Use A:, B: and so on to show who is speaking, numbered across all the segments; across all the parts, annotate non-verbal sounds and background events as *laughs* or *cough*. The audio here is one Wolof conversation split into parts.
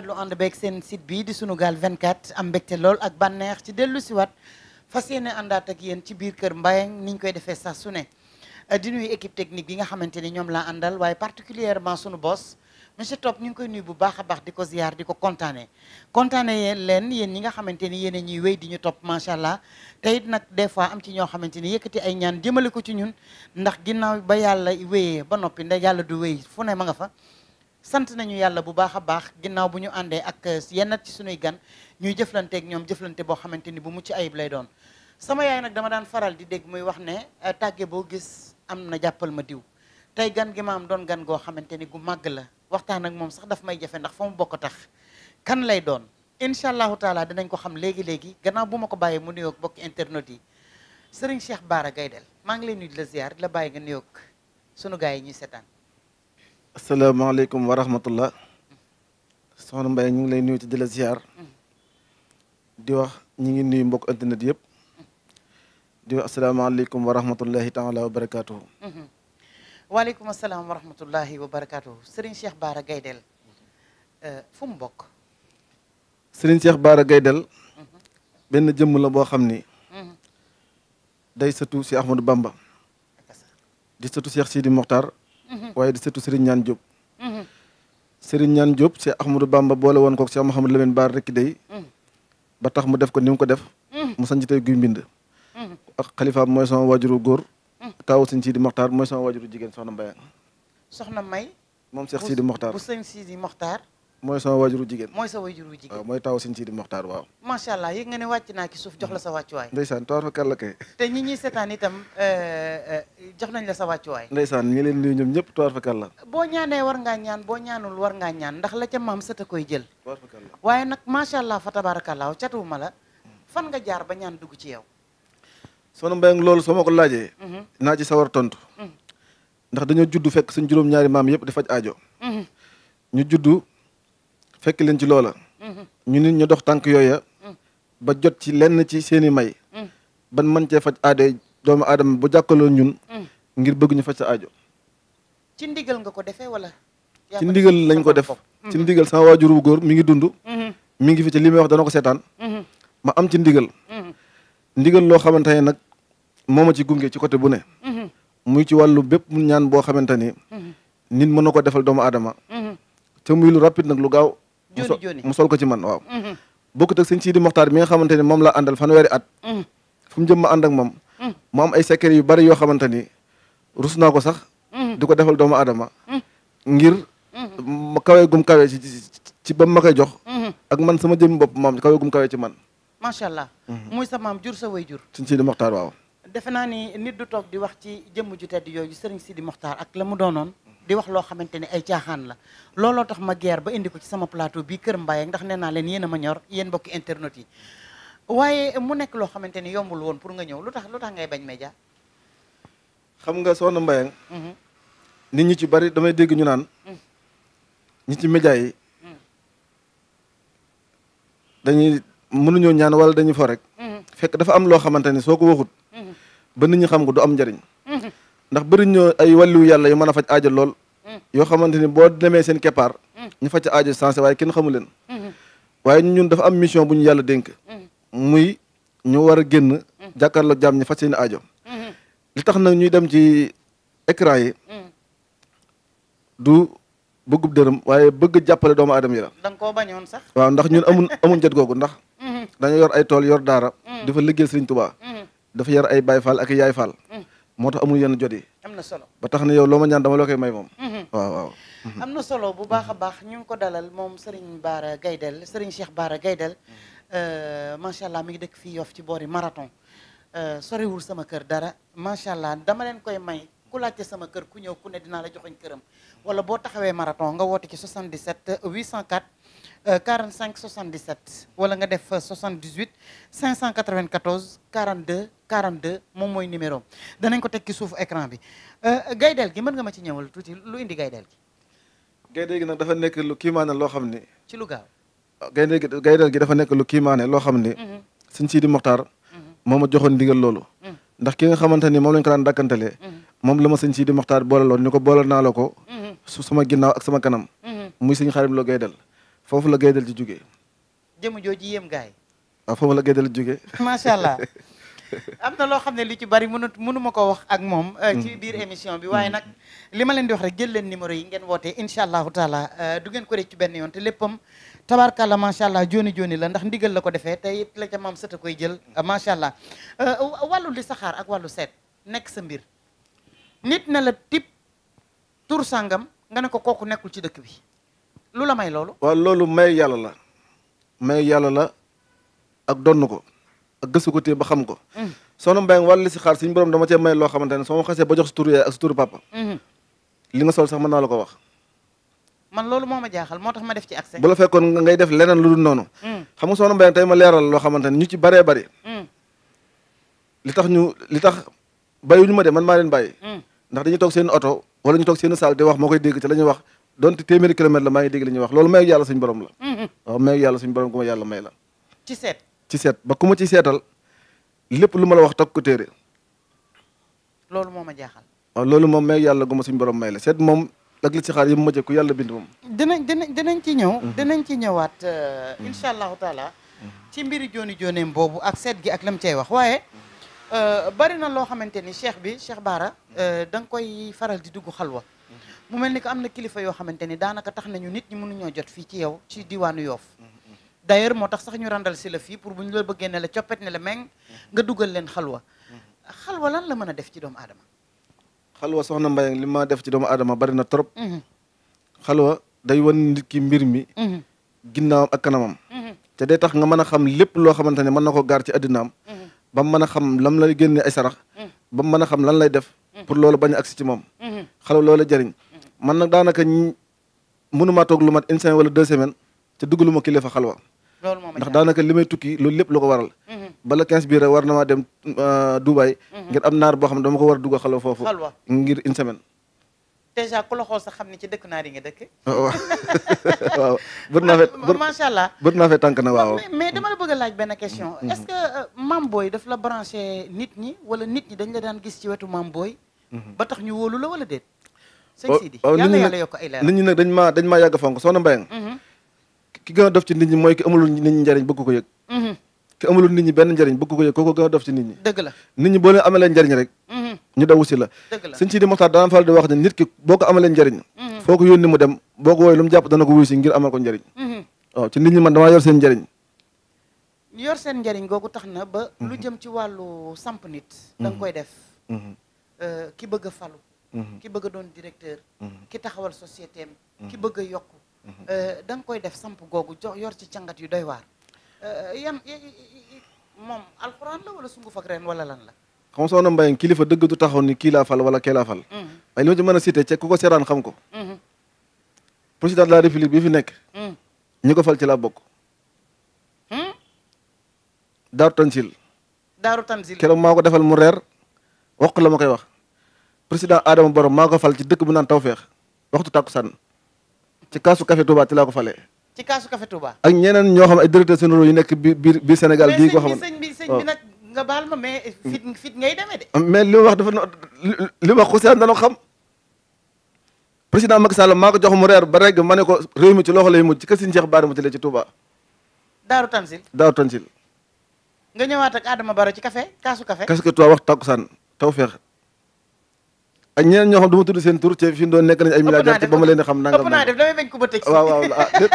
A: lu rafetlu ànd beeg seen site bi di Sunugal 24 am mbégte lool ak bànneex ci dellu si waat fas yéene àndaat ak yéen ci biir kër Mbayang niñ koy defee sax su ne euh, di nuyu équipe technique bi nga xamante ni ñoom laa àndal waaye particulièrement sunu boss monsieur Top ñu ngi koy nuyu bu baax a baax di ko ziar di ko kontaane kontaane leen yéen ñi nga xamante ni yéen ñuy wéy di ñu topp macha allah te it nag des fois am ci ñoo xamante ni yëkkati ay ñaan jëmale ko ci ñun ndax ginnaaw ba yàlla wéyee ba noppi nda yàlla du wéy fu ma nga fa sant nañu yàlla bu baax a baax ginnaaw bu ñu àndee ak euh, yennat ci sunuy gan ñuy jëflanteeg ñoom jëflante boo xamante ni bu mucc ayib lay doon sama yaay nag dama daan faral di dégg muy wax ne euh, tàgge boo gis am na jàppal ma diw tey gan gi ma am doon gan goo xamante ni gu màgg la waxtaan ak moom sax dafa may jafe ndax fa mu bokk tax kan lay doon incha allahu taala dinañ ko xam léegi-léegi gannaaw bu ma ko bàyyee mu nuyoog bokk internet yi Serigne Cheikh Bara Gaydel maa ngi lay nuyu di la ziar la bàyyi nga nuyoog sunu gars yi ñuy seetaan
B: asalaamaaleykum wa rahmatullah soxna Mbaye ñu ngi lay nuyu ci di la ziar di wax ñi ngi nuyu mbokk internet yëpp di wax asalaamaaleykum wa rahmatullahi taala wa barakaatuhu
A: waaleykum asalaam wa wa barakaatuhu Serigne Cheikh Bara Gaydel euh, fu mu bokk
B: Serigne Bara Gaydel benn jëmm la boo xam ni mhm. day sëtu si Ahmadou Bamba di sëtu Cheikh Sidi Mokhtar Mm-hmm. waaye di sëtu Serigne Niane Diop. Mm-hmm. Serigne Niane Diop Cheikh Ahmadou Bamba boole woon koog Cheikh Mouhamadou Lamine Bara rekki day mm-hmm. ba tax mu def ko ni ko def. mu sanc tey guy mbind. ak xalifaam mooy sama waajuru góor. taawu sëñ Sidi Mokhtar mooy sama waajuru jigéen soxna
A: Mbayang. soxna
B: mooy sama sa wajuru jigéen mooy taw sëñ Sidi Moxtaar waaw
A: macha allah yëg nga ne wàcc naa ci suuf jox la sa wàccuwaay
B: ndeysaan toor te euh,
A: euh, la sa wàccuwaay
B: ndeysaan ñi leen nuyu ñoom ñëpp toor fa kàlla
A: boo ñaanee war ngaa ñaan la ca a koy jël toor fa kàlla waaye nag macha allah fa tabaarakallaahu catuwuma la fan nga jaar ba ñaan dugg ci yow
B: soxna Mbaye loolu soo ma ko laajee mhm. naa sa sawar tontu mhm. ndax dañoo judd fekk suñ juróom-ñaari maam yëpp di faj aajo mhm. ñu juddu fekk leen ci loola. ñu nit ñu dox tànk yooya. ba jot ci lenn ci seen i may. ba man cee faj aade doomu aadama bu jàkkaloo ñun. ngir bëgg ñu faj sa aajo.
A: ci ndigal nga ko defee wala.
B: ci ndigal lañ ko def. ci ndigal sama waajur góor mi ngi dund. Mhm. mi ngi fi ci li may wax dana ko seetaan. Mhm. ma am ci ndigal. Mhm. ndigal loo xamante nag moo ci gunge ci côté bu ne. muy ci wàllu bépp ñaan boo xamante ni. nit mën na ko defal doomu aadama. te muy lu rapide nag lu gaaw. mu sol ko ci man waaw mhm. bokkut ak sëñ Sidi Moxtaar mi nga xamante ni moom la àndal fanweeri at mhm. fu mu jëm ma ànd ak moom mhm. ay secret yu bari yoo xamante ni rus naa ko sax di ko defal doomu adama ngir ma kawee gum kawee ci ba ma jox ak man sama jëm bopp maam kawee gum kawee ci man
A: macha allah muy sa maam jur sa way jur
B: sëñ Sidi Moxtaar waaw
A: defe naa ni nit du toog di wax ci jëmm ju tedd yooyu sëriñ Sidi Moxtaar ak la mu doonoon di wax loo xamante ne ay caaxaan la looloo tax ma geer ba indi ko ci sama plateau bii Kër Mbaye ndax nee naa leen yéen a ma ñor yéen mbokki internet yi waaye mu nekk loo xamante ni yombul woon pour nga ñëw lu tax lu tax nga ngay bañ média
B: xam nga soxna Mbayang mhm. nit ñi ci bari damay dégg ñu naan mhm. ñi ci média yi mhm. dañuy mënuñoo ñaan wala dañuy fo rek fekk dafa am loo xamante ni soo ko waxut ba nit ñi xam ko du am njariñ ndax bëri ñoo ay wàllu yàlla yu mën a faj aajo lool mm. yoo xamante ni boo demee seen keppaar mm. ñu faj aajo sensé waaye kenn xamu leen mm-hmm. waaye ñun dafa am mission bu ñu yàlla dénk mm. muy ñu war a génn jàkkaarloo jàmm ñi faj seen aajo mm-hmm. li tax nag ñuy dem ci écran yi du bëggub dërëm waaye bëgg jàppale doomu aadama yi la da nga koo waaw ndax ñun amun amun jot googu ndax mm-hmm. dañoo yor ay tool yor daara dafa liggéey sëriñ Tuubaa dafa yar ay Baay Faal ak yaay Faal moo tax amul yenn jot yi. am na solo ba tax na yow loo ma ñaan dama la koy may moom. Mhm. Mhm.
A: am na solo bu baax a baax ñu ngi ko dalal moom Serigne Bara Gaydel Serigne Cheikh Bara Gaydel mhm. euh, macha allah mi ngi dëkk fii Yoff ci boori marathon euh, soriwul sama kër dara macha allah dama leen koy may ku laajte sama kër ku ñëw ku ne dinaa la joxoñ këram wala boo taxawee marathon nga woote ci 77 804. 45 euh, 77 wala nga def 78 594 42 42 moom mooy numéro danañ ko teg ci suufu écran bi euh, gaydeel gi man nga ma ci ñëwal tu lu indi gaydeel gi.
B: gaydeel gi nekk lu kiimaane loo xam ni. ci lu gaaw. gaydeel gi gaydeel dafa nekk lu kiimaane loo xam ni. Mhm. sëñ Sidi Mokhtar. Mhm. moo ma joxoon ndigal loolu. Mhm. ndax ki nga xamante ni moom lañ ko daan dakkantelee. moom la ma sëñ Sidi Mokhtar boole loon ni ko boole naa la ko. su sama ginnaaw ak sama kanam. muy sëñ xarim loo gaydeel foofu la gaydel di juge
A: jëmu jooju yéem gaay
B: waaw ah, foofu la gaydel di jugee. macha allah. *laughs*
A: am na loo xam ne li ci bari mënut mënuma ko wax ak moom. Euh, mm. ci biir émission bi waaye mm. nag li ma leen di wax rek jël leen numéro yi ngeen woote incha allahu taala euh, du ngeen ko rëcc benn yoon te léppam tabarkalla macha allah jooni jooni la ndax ndigal la ko defee te it la ca maam sët koy jël euh, macha allah wallu li saxaar ak wàllu seet nekk sa mbir nit na la tip tur sàngam nga ne ko kooku nekkul ci dëkk bi. lu la may loolu.
B: waaw loolu may yàlla la may yàlla la ak donn ko ak gëstu ko téye ba xam ko. Mm. soxna Mbaye wàllu li si xaar suñu borom dama cee may loo xamante ne soo ma xasee ba jox sa turu yaay mm-hmm. li nga sol sax mën naa la ko wax.
A: man loolu moo ma jaaxal moo tax ma def ci accès. bu
B: la fekkoon ngay def leneen lu dul noonu. Mm. xam nga soxna Mbaye tey ma leeral loo xamante ne ñu ci baree bari. Mm. li tax ñu li tax bàyyiwuñu ma de man maa leen bàyyi. ndax dañuy toog seen oto wala ñu toog seen saal di wax moo koy dégg te la ñuy wax donte téeméeri kilomètre la maa ngi dégg li wax loolu mayu yàlla suñ borom la mm-hmm. waaw mayu yàlla suñ borom ku may la ci seet ci seet ba ku ma ci seetal lépp lu ma la wax takk ko téere
A: loolu moom ma jaaxal
B: waaw loolu moom mayu yàlla gu ma suñ borom may la seet moom ak li ci xaar yi mu ku yàlla bind moom
A: dinañ dinañ dinañ ci ñëw mm-hmm. dinañ ci ñëwaat euh, mm-hmm. incha allahu taala ci mbiri jooni jooneem boobu ak seet gi ak lam cey wax waaye euh, bari na loo xamante ni cheikh bi cheikh Baara euh, da nga koy faral di dugg xalwa mu mel ni que am na kilifa yoo xamante ni daanaka tax nañu nit ñi mënuñoo jot fii ci yow ci diwaanu yoof d'ailleurs moo tax sax ñu randal si la fii pour bu ñu la bëggee ne la coppet ne la meng nga dugal leen xalwa xalwa lan la mën a def ci doomu aadama
B: xalwa soxna Mbaye li ma def ci doomu aadama bari na trop mhm. xalwa day wan nit ki mbir mi mhm. ginnaawam ak kanamam mhm. te day tax nga man a xam lépp loo xamante ne mën na ko gaar ci addinaam ba mu mën a xam lam lay génne ay sarax ba mu mën a xam lan lay def bañ a agsi ci moom xalwa loola jëriñ man na daanaka mënuma toog lu mat une wala deux semaines te dugaluma kilifa xalwa ndax daanaka li may tukki loolu lépp lu ko waral mhm. bala quinze bii rek war na maa dem euh, Dubaay mhm. ngir am naar boo xam ne dama ko war a dugal foofu ngir une semaine
A: dèjà ku la xool sax xam ne ci dëkk naar yi nga dëkk
B: waaw oh, oh. *laughs* waaw bët naa fee macha allah bët na waaw mais
A: laaj benn question mhm. est-ce que euh, Mame Boye daf la branché nit ñi wala nit ñi dañ la daan gis ci wetu mam booy ba tax ñu wóolu la wala déet sëñ Sidi yàlla yàlla yokk ay leer nit ñi
B: nag dañ maa dañ maa yàgg fonk soxna Mbayang mhm. ki gën a dof ci nit ñi mooy ki amulul nit ñi njariñ bëgg ko yëg mhm. ki amulul nit ñi benn njariñ bëgg ko yëg kooku gën a dof ci nit ñi dëgg la nit ñi njariñ rek mhm. ñu daw si la sëñ Sidi Moxtaar daan faral di wax nit ki boo ko amalee njariñ foo ko yónni mu dem boo ko wooy lu jàpp dana ko wuy ngir amal ko njariñ waaw ci nit ñi man damaa yor seen njariñ
A: yor seen njariñ googu tax na ba lu jëm ci wàllu samp nit da koy def euh, ki bëgg falu Mm-hmm. ki bëgg a doon directeur mm-hmm. ki taxawal société mm-hmm. ki bëgg a yokk euh, da nga koy def samp googu yor ci cangat yu doy waar euh, yam moom alxuraan la wala sungu fak ren wala lan la
B: xam soxna Mbayang kilifa dëgg du taxaw ni kii laa fal wala kee
A: waaye
B: li ci mën a cité ca ko seeraan xam ko président de la république bi fi nekk ñi ko fal ci laa bokk hmm? daaru tansil daaru tansil keroog maa ko defal mu reer wax la ma koy wax président Adama Borom maa ko fal ci dëkk bu naan Tawfeex waxtu tàkkusaan ci kaasu café Touba ci laa
A: ci kaasu café Touba.
B: ak ñeneen ñoo xam ay directeur généraux yu nekk biir biir Sénégal gii koo
A: nga baal ma mais fit fit ngay demee de.
B: Ah, mais li ma wax dafa li ma wax xusaan dañoo xam président Macky Sall maa ko jox mu reer ba reg ma ne ko réew mi ci loxo lay mujj ci kër Serigne Cheikh Bara Moutilé ci Touba. Daaru Tansil Daaru Tansil.
A: nga ñëwaat ak Adama Baro ci café kaasu café.
B: kaasu café Touba waxtu tàkkusaan Tawfeex ak ñeneen ñoo xam du ma seen tur ci fi ñu doon nekk nañ ay milliardaires ba ma leen di xam naa def
A: damay bañ ko ba tëj waaw waaw ah la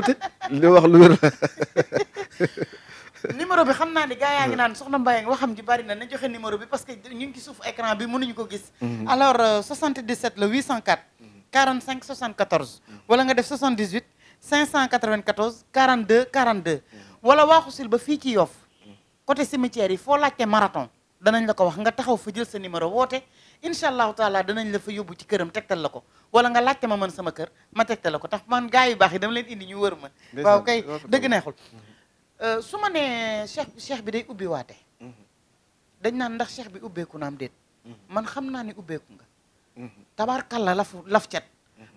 B: tëj li wax lu wér *laughs*
A: numéro bi xam naa ni gars yaa naan soxna Mbaye waxam ji bari na joxe numéro bi parce que ñu ngi ci suuf écran bi mënuñu ko gis mhm. alors 77 euh, le 804 45 74 wala nga def 78 594 42 42 wala waaxusil ba fii ci Yoff mhm. côté cimetière yi foo laajte marathon danañ la ko wax nga taxaw fa jël sa numéro woote incha allahu taala danañ la fa yóbbu ci këram tegtal la ko wala nga laajte ma man sama kër ma tegtal la ko tax man gaa yu baax yi dama leen indi ñu wër ma waaw kay dëgg neexul mhm. euh, su ma nee cheikh cheikh bi day ubbi waate mhm. dañ naan ndax cheikh bi ubbeeku na am déet mhm. man xam naa ne ubbeeku nga tabaarkalla lafu laf cet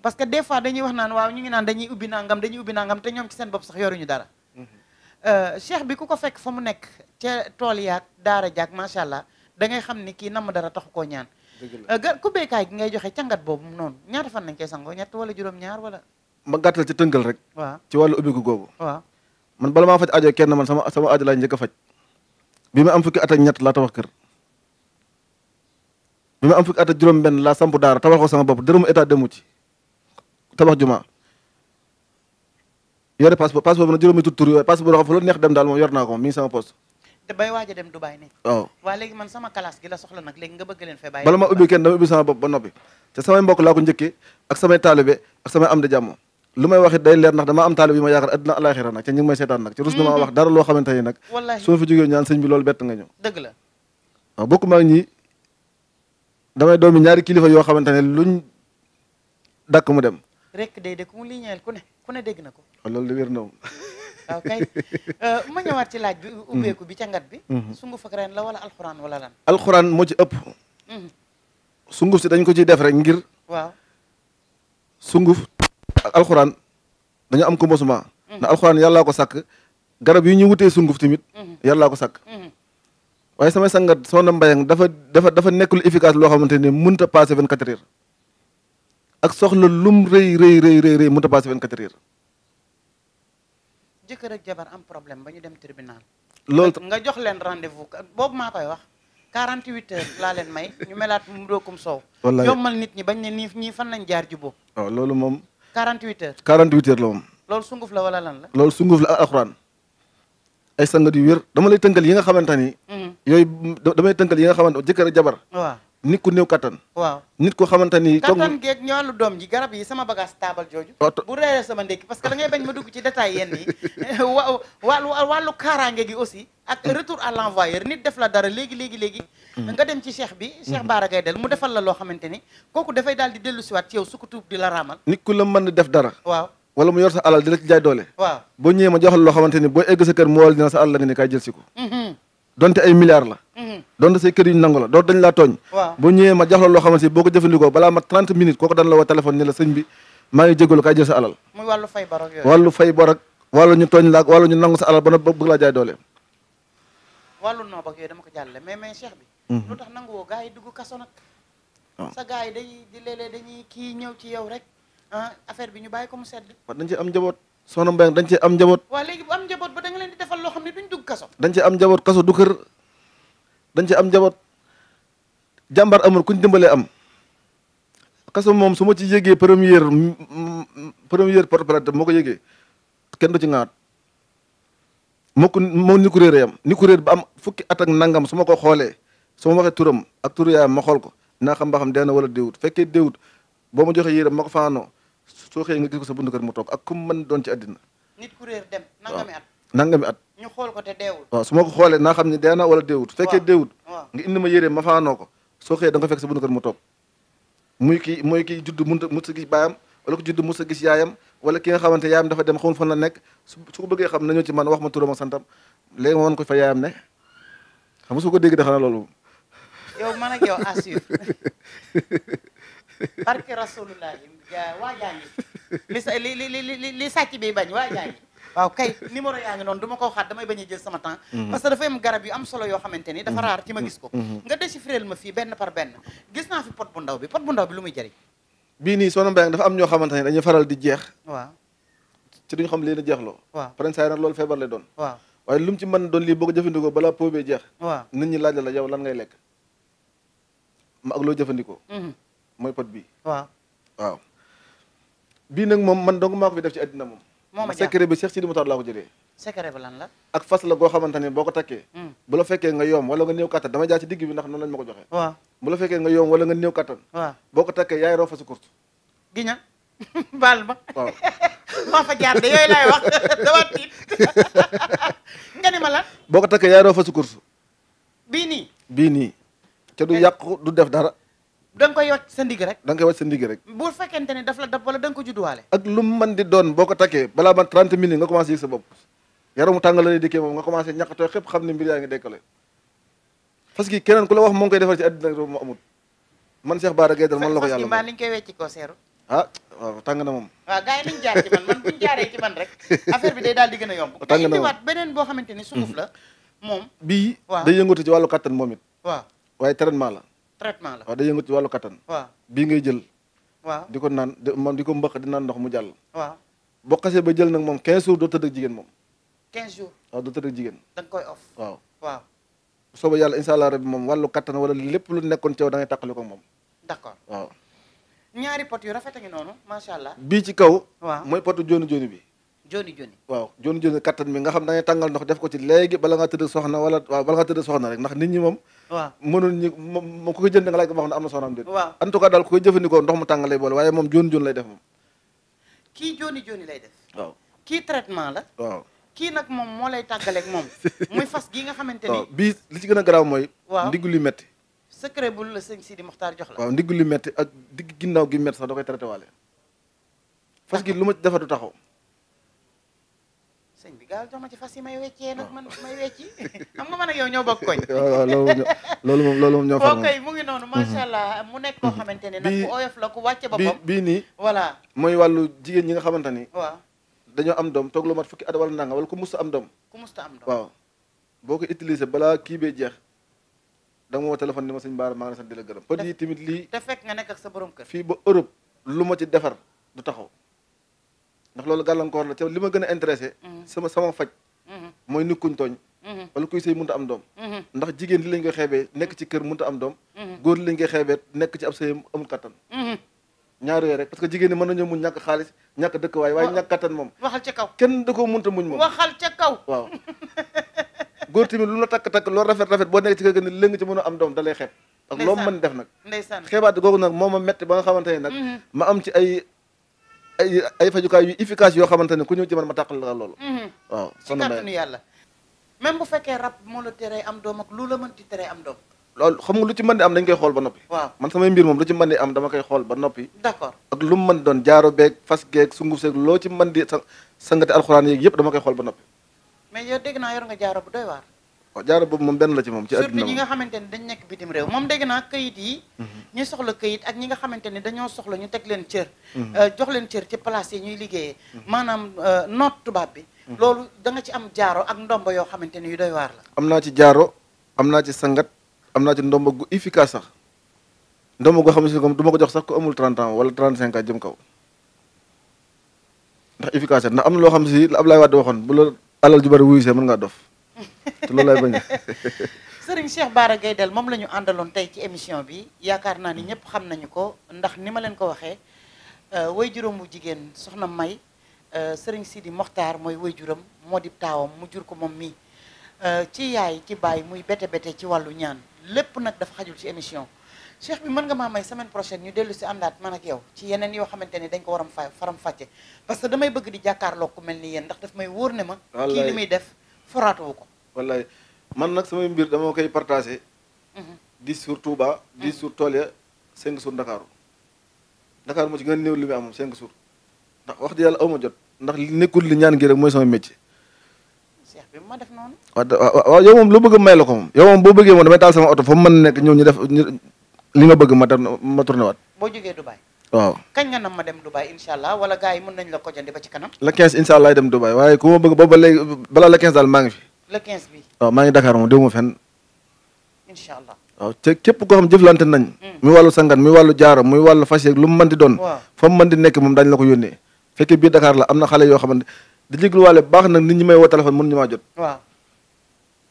A: parce que des fois dañuy wax naan waaw ñu ngi naan dañuy ubbi nangam dañuy ubbi nangam te ñoom ci seen bopp sax yoruñu dara euh, cheikh fekk fa mu nekk ca tool yaag daara jaag macha allah da xam ne kii namm dara taxu koo ñaan. dëgg euh, ku béykaay gi ngay joxe cangat boobu noonu ñaata fan nañ koy sangoo ñett wala juróom-ñaar wala.
B: ma gàttal ci tënkal rek. ci wàllu ubbiku googu. waaw man bala maa faj aajo kenn man sama sama aajo laa njëkk a faj. bi ma am fukki at ak ñett laa tabax kër. bi ma am fukki at juróom-benn laa samp daara tabax ko sama bopp dërëmu état demu ci tabax juma. yore passeport passeport bi nag juróomi tur
A: te bay waaj a dem Dubaay nii. Oh. waaw man sama classe gi la soxla nag
B: léegi nga bëgg leen fee bàyyi. bala ma ubbi kenn dama ubbi sama bopp ba noppi te samay mbokk laa ko njëkkee ak samay taalibe ak samay am di jàmm lu may wax it day leer ndax dama am taalibe yi ma yaakaar addina alaxira nag te ñu ngi may seetaan nag ci rus dama mm-hmm. wax dara loo xamante ni nag soo fi jógee ñaan sëñ bi loolu bett nga ah, bokk maa ñi damay doomi ñaari kilifa yoo xamante ne luñ dakk mu dem
A: rek day de ku mu li ñeel ku ne ku ne dégg na ko
B: ah, loolu de wér na *laughs* waaw kay euh,
A: ma ñëwaat ci laaj bi ubbeeku bi ca ngat bi mm-hmm. Mm-hmm. sunguf ak ren la wala alxuraan wala lan
B: alxuraan moo ci ëpp mm-hmm. sunguf si dañ ko ci def rek ngir waaw sunguf ak alxuraan dañu am ko mosuma na alxuraan yàllaa ko sakk garab yi ñuy wutee sunguf tamit yàllaa ko sàkk waaye samay sangat soxna Mbayang dafa dafa dafa nekk lu efficace loo xamante ne mënut a passé vingt quatre ak soxla lum rëy rëy rëy rëy mënut
A: jëkkër a jabar am problème ba ñu dem tribunal. loolu nga jox leen rendez-vous boobu maa koy wax 48 heures laa leen may ñu melaat mu dookum soow. wallaay yombal nit ñi bañ ne nii ñii fan lañ jaar jubóo. waaw oh, loolu moom. 48 heures
B: 48 heures la moom.
A: loolu sunguf la wala lan la.
B: loolu sunguf la ak ay sangat yu wér dama lay tënkal yi nga xamante ni. Mm-hmm. yooyu damay tënkal yi nga xamante jëkkër ak jabar. nit ku néew kattan. waaw nit ko xamante ni. kattan
A: geeg ñoolu doom ji garab yi sama bagage taabal jooju. bu reeree sama ndékki parce que da ngay bañ ma dugg ci détail yenn yi *laughs* wa wa wàllu kaaraange gi aussi. ak mm. retour à def la dara léegi léegi léegi. Mm. nga dem ci cheikh bi. cheikh mm-hmm. Baara Gaye del mu defal la loo xamante ni kooku dafay daal di dellu siwaat ci yow su ko tuub di la raamal. nit ku
B: la mën def dara. waaw wala mu yor sa alal di la jaay doole. waaw boo ñëwee ma joxal loo xamante ni boo egg sa kër mu wal dina sa alal nga ne kaay jël donte ay milliards la. Mhm. donte say kër yu ñu nangu la donte dañ laa tooñ. waaw bu ñëwee ma jox la loo boo ko jëfandikoo balaa ma 30 minutes kooku daan la woo téléphone ni la sëñ bi maa ngi jégalu kaay jël sa alal.
A: muy wàllu fay bor la jaay doole. wàllu noob ak yooyu dama ko jàllale mais mais cheikh bi. Mhm. lu tax nangu woo gars yi dugg kaso nag. waaw ah. sa gars yi dañuy léeg-léeg dañuy ñëw ci yow rek ah affaire bi ñu bàyyi ko mu sedd.
B: waaw dañ ci am soxna Mbayang dañ cee am njaboot.
A: waaw léegi bu am njaboot ba loo xam ne duñ
B: kaso. dañ cee am njaboot kaso du kër dañ cee am njaboot jàmbaar amul kuñ dimbalee am kaso moom su ma ci yégee première première porte plainte moo ko yégee kenn du ci ŋaat moo ko moo ni ku réeré ni ku réer ba am fukki at nangam su ma ko xoolee su ma waxee turam ak turu yaayam ma xool ko naa xam ba xam dee na wala déewut fekkee déewut boo ma joxee yéeram ma ko soo xëyee nga gis ko sa buntu kër mu toog ak ku mu mën doon ci àddina
A: nit ku réer dem nangami at ñu xool ko te
B: waaw su ma ko xoolee naa xam ne dee na wala deewut fekkee deewut nga indi ma yéree ma faanoo ko soo xëyee da nga ko fekk sa buntu kër mu toog muy kii muy kii juddu mun mu sa gis baayam wala ko judd mu sa gis yaayam wala ki nga xamante yaayam dafa dem xamul fan la nekk su bëggee xam na nañoo ci man wax ma turam ak santam léegi ma wan ko fa yaayam ne xam su ko dégg dafa na loolu
A: *laughs* barke rasulullah waa jaa ngi li sa li li li li sàcc bi bañ waa jaa ngi waaw kay numéro yaa ngi noonu du ma ko waxaat damay bañ a jël sama temps mhm. parce que dafa am garab yu am solo yoo xamante ni dafa mhm. raar ci ma gis ko mhm. nga déchiffréel ma fii benn par benn gis
B: naa fi pot bu ndaw bi pot bu lu muy jëriñ bii nii soxna Mbayang dafa am ñoo xamante dañuy faral di jeex waaw ci duñu xam leen a jeexloo waaw paren saay nag loolu feebar lay doon waaw waaye lu mu ci mën doon lii boo ko jëfandikoo balaa po bee jeex waaw nit ñi laaj la yow lan ngay lekk mooy pot bi waaw waaw. bii nag moom man dong maa ko fi def ci àddina moom. moom a jàpp secret bi Cheikh Sidi Moutar laa ko jëlee. lan la. ak fas la goo xamante ne boo ko takkee. Hmm. bu la fekkee nga yoom wala nga new kattan dama jaar ci digg bi ndax noonu lañ ko joxee. waaw bu la fekkee nga wala nga néew kattan. waaw boo ko takkee yaay roo fasu kurt. giña *laughs* baal ma. waaw
A: *laughs* maa fa jaar de yooyu laay wax *laughs* dama tiit nga ni ma lan.
B: boo ko takkee yaay roo fasu kurt. bii nii. bii nii. te du eh. yàq du def dara. da nga koy wàcc sa ndig rek nga koy wàcc sa ndig rek
A: bu fekkente ne daf la dab wala da nga ko
B: judduwaale ak lu mu mën di doon boo balaa man trente minutes nga commencé yëg sa bopp yaramu tàng la lay dikkee moom nga commencé ñaqatoo xëpp xam ne mbir yaa ngi dekkale parce que keneen ku la wax moo koy defar ci àddina rek ko yàlla
A: mbaa ko seeru
B: ah, tàng na moom
A: waaw gars man man buñ rek *laughs* affaire bi day daal di gën a yomb tàng na indiwaat beneen boo xamante ni sunguf la mm-hmm. moom
B: bii day yëngatu ci wàllu kattan moom it waaw waaye traitement la traitement la waaw day ci wàllu kattan. waaw bii ngay jël. waaw di ko naan moom di ko mbëq di ndox mu jàll. waaw boo xasee ba jël nag moom 15 jours doo tëdd jigéen moom. 15 jours waaw jigéen. da nga koy off waaw. waaw sooba yàlla incha allah rabbi moom wàllu kattan wala lépp lu nekkoon ci yow da ngay tàqali ko moom. d'accord waaw.
A: ñaari pot yu rafet a noonu macha allah. bii
B: ci kaw. waaw mooy potu jooni jooni bi. joni joni waaw joni joni kattan bi nga xam da ngay tàngal ndox def ko ci léegi bala nga tëdd soxna wala waaw bala nga tëdd soxna rek ndax nit ñi moom waaw mënul ñi moom ku ko jënd nga laaj ko ba xam ne am na soxna am déet waaw en tout cas daal ku koy jëfandikoo ndox mu tàng lay boole waaye moom def moom
A: kii joni joni traitement la waaw kii nag moom moo lay tàggaleeg
B: moom *laughs* muy
A: fas gi nga xamante
B: bii li ci gën a mooy waaw ndiggu li metti
A: secret bu la sëñ Sidi Moxtaar jox la waaw
B: metti ak digg ginnaaw gi metti sax da koy traité waale fas gi ah. lu ma ci defa taxaw sëñ
A: bi ma ci fas yi may weccee nag ah. man may wecci *laughs*
B: xam nga man ak yow ñoo bokk koñ *laughs* loolu moom ñoo fa *laughs* kay
A: mhm. nekk koo mhm. xamante ne nag ku oyof la ku wàcce
B: bii nii voilà mooy wàllu jigéen ñi nga xamante ni waaw dañoo am doom toog lu mat fukki at wala nanga wala ku musta am doom
A: ku musta am doom
B: boo ko utilisé balaa kii bee jeex da nga a téléphone ni ma sëñ Baara maa ngi sant di la gërëm peut tamit lii te
A: fekk nga nekk ak sa borom
B: kër fii ba Europe lu ma ci defar du taxaw ndax loolu gàllankoor la te li ma gën a intéressé mm-hmm. sama sama faj mm-hmm. mooy nit kuñ tooñ mm-hmm. wala kuy sëy mënta am doom ndax jigéen li lañ koy xeebee nekk ci kër mënta am doom góor li lañ koy xeebee nekk kattan ñaar yooyu rek parce que jigéen ñi mën nañoo muñ ñàkk xaalis ñàkk dëkkwaay waaye ñàkk kattan moom kenn da koo mënta muñ moom waxal ca kaw *laughs* lu la takk-takk loolu rafet rafet boo nekk ci kër ga ne a am doom da lay xeeb ak def nag xeebaate googu nag moo ma metti ba nga xamante nag ma am ci ay ay ay fajukaay yu efficace yoo xamante ne ku ñëw ci man ma tàqal la loolu. Mhm. waaw
A: bu fekkee rab moo la teree am doom ak lu la mënti
B: loolu xam lu ci mën am dañ koy xool ba noppi. waaw man samay mbir moom lu ci mën am dama koy xool ba noppi. d'accord ak lu mu doon jaaro beeg fas geeg sunguf seeg loo ci mën di sangate alxuraan yeeg yëpp dama koy xool ba noppi.
A: mais yow dégg na yor nga jaaro bu doy waar.
B: waaw jaaro boobu moom benn la ci moom ci adduna surtout ñi nga
A: xamante ne dañ nekk bitim réew moom dégg naa mhm. ak ñi nga xamante ne dañoo soxla ñu teg leen cër mhm. euh, jox leen cër ci place yi ñuy liggéeye mhm. maanaam euh, noot tubaab bi loolu danga ci am jaaro ak ndomba
B: yoo xamante ni yu day waar la am naa ci jaaro am naa ci sangat am naa ci ndomba gu efficace sax ndomba goo xam ne comme du ko jox sax ku amul 30 ans wala 35 ans jëm kaw ndax efficace ndax am na loo xam si Abdoulaye Wade waxoon bu la alal ju bari wuyu see mën ngaa dof te loolu laay bañ *laughs*
A: Serigne moom la ñu àndaloon tey ci émission bi yaakaar naa ni ñëpp xam nañu ko ndax ni ma leen ko waxee euh, way juróom bu jigéen soxna May euh, Serigne di Mokhtar mooy way juróom moo di taawam mu jur ko moom mii euh, ci yaay ci baay muy bete bete ci wàllu ñaan lépp nag dafa xajul ci émission cheikh bi mën nga maa may semaine prochaine ñu dellu si àndaat man ak yow ci yeneen yoo xamante ni dañ ko war a faram fàcce parce que damay bëgg di jàkkaarloo ku mel ni yéen ndax daf may wóor ne ma kii li muy def foraatuwu
B: ko wallaay man nag samay mbir dama koy partagé. 10 mhm. sur Touba. 10 mhm. sur tool ya 5 sur Dakar. Dakar moo ci a néew li muy li nekkul li ñaan gi rek mooy sama nga bëgg ma def ma tourné waat. boo jógee Dubaay. waaw
A: kañ nga ma dem Dubaay incha allah wala gars yi mën nañ la ko ba ci kanam.
B: le 15 incha allah dem Dubaay waaye ku bëgg booba léegi balaa le 15 daal maa fi. le 15 bi. maa ngi Dakar moom déwuma fenn. incha allah waaw te képp koo xam jëflante nañ. Hmm. muy wàllu sangan muy wàllu jaaro muy wàllu fas yeeg lu mu mën doon. fa mu mën nekk moom daañu la ko yónnee. fekke biir Dakar la am na xale yoo xamante di jégluwaale baax nag nit ñi may woo téléphone mënuñu maa jot. waaw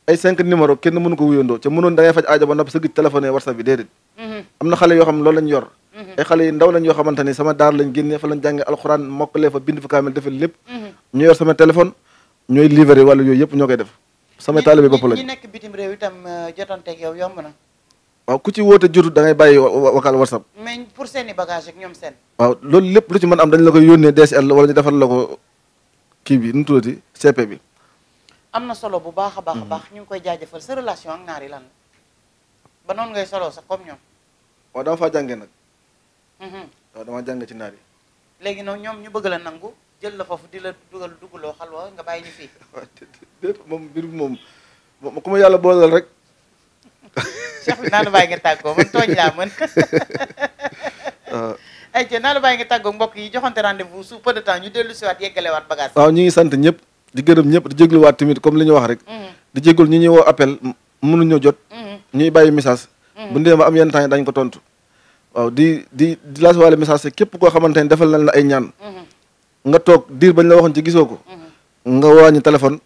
B: ay cinq numéro kenn da ngay faj aajo ba noppi sa gis téléphone whatsapp bi hmm. am na xale yoo xam ne lañ yor. Hmm. ay xale yi ndaw lañ yoo xamante sama daar lañ génnee fa lañ jàngee alxuraan mokkalee fa bind fa kaamel defal lépp. ñu yor sama téléphone ñooy livré wala yooyu yëpp ñoo koy def samay bi bopp lañu ñi
A: nekk bitim réew itam euh, jotonteeg yow yomb na.
B: waaw ku ci woote jotul da ngay bàyyi wakaal whatsapp.
A: mais pour seeni bagage ak seen.
B: waaw loolu lépp lu ci mën am dañ la koy yónnee DSL wala ñu defal ko kii bi nu mu tuddati CP bi.
A: am na solo bu baax a baax a mm-hmm. baax ñu ngi koy jaajëfal sa relation ak naar yi lan la ba noonu ngay solo sax comme ñoom.
B: waaw dama faa jàngee nag. Mm-hmm. waaw dama jàngee ci naar yi.
A: léegi noonu ñoom ñu bëgg la nangu. jël la foofu di la dugal dugaloo xalwa nga bàyyi ñu fii.
B: *laughs* moom moom moom ku ma yàlla booleel rek. cheikh bi
A: naa la bàyyi nga tàggoo man tooñ laa mën. ay ca naa la bàyyi nga tàggoo mbokk yi joxante rendez-vous sous peu de temps ñu dellu si waat yeggalewaat bagage
B: waaw ñu ngi sant ñëpp di gërëm ñëpp di jégluwaat tamit comme li ñu wax rek. Mm-hmm. di jégalu ñi ñuy woo appel mënuñoo jot. Mm-hmm. ñuy bàyyi message. Mm-hmm. bu ndee ba am yenn temps ko tontu. waaw di di di laas waale message képp koo xamante defal na ay ñaan. nga toog diir bañ la waxoon ci gisoo ko mm-hmm. nga wàññi téléphone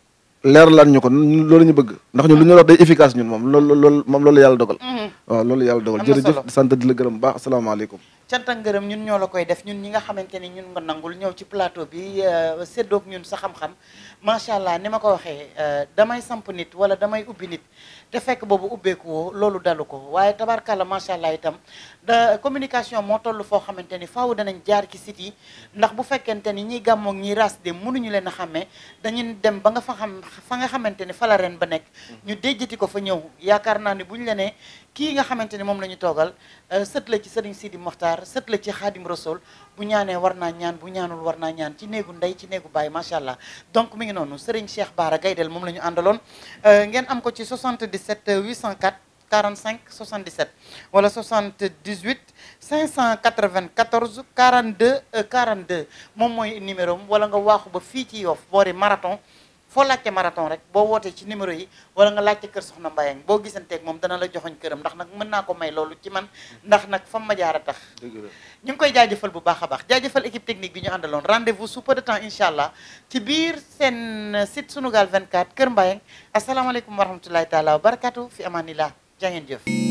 B: leer lan ñu ko loolu ñu bëgg ndax ñu lu ñu wax day efficace ñun moom loolu loolu moom loolu yàlla dogal mm-hmm. waaw loolu yàlla dogal jërëjëf sant di la gërëm baax asalaamaaleykum
A: cant ak ngërëm ñun ñoo la koy def ñun ñi nga xamante ni ñun nga nangul ñëw ci plateau bi euh, séddoog ñun sa xam-xam macha allah ni ma ko waxee euh, damay samp nit wala damay ubbi nit te fekk boobu ubbeeku loolu dalu ko waaye tabarkàlla macha allah itam da communication moo toll foo xamante ni faaw danañ jaar ci site yi ndax bu fekkente ni ñiy gàmmoog ñiy ras de munuñu leen a xàmmee dañu dem ba nga fa xam fa nga xamante ni fa ren ba nekk mm-hmm. ñu déjjati ko fa ñëw yaakaar naa ne bu ñu la nee kii nga xamante ni moom la ñu toogal euh, sët ci sëriñ Sidi Mokhtar sët la ci xaadim Rasoul bu ñaanee war naa ñaan bu ñaanul war naa ñaan ci néegu ndey ci néegu baay macha allah donc mi ngi noonu Serigne baara gay del moom la ñu àndaloon euh, ngeen am ko ci 77 804 45 77 wala 78 594 42 42 moom mooy numéro am wala nga waaxu ba fii ci Yoff boori maraton foo laajte marathon rek boo wootee ci numéro yi wala nga laajte kër soxna Mbayang boo gisanteeg moom dana la joxoñ këram ndax nag mën naa ko may loolu ci man ndax nag fam ma jaar a tax ñu ngi koy jaajëfal bu baax a baax jaajëfal équipe technique bi ñu àndaloon rendez-vous sous peu de temps incha allah ci biir seen site Sunugal 24 kër Mbayang asalaamaaleykum wa rahmatulahi taala wa barakatu fi amanillah jaa ngeen jëf